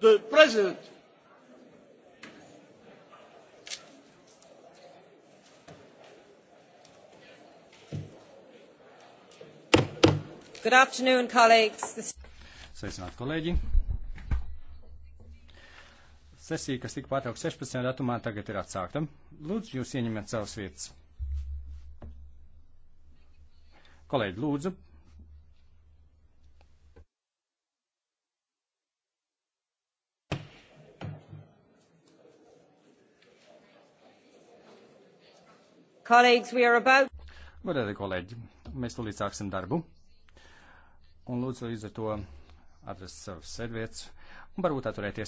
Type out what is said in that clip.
the president. Good afternoon, colleagues. Sveicināti, kolēģi! Sesija, kas tika pārtraukta 16. datumā, tagad ir atsākta. Lūdzu, jūs ieņemiet savas vietas. Kolēģi, lūdzu, About... Godēti kolēģi, mēs tūlīt sāksim darbu. Un lūdzu līdz ar to atrast savas sēdvietas un varbūt atturēties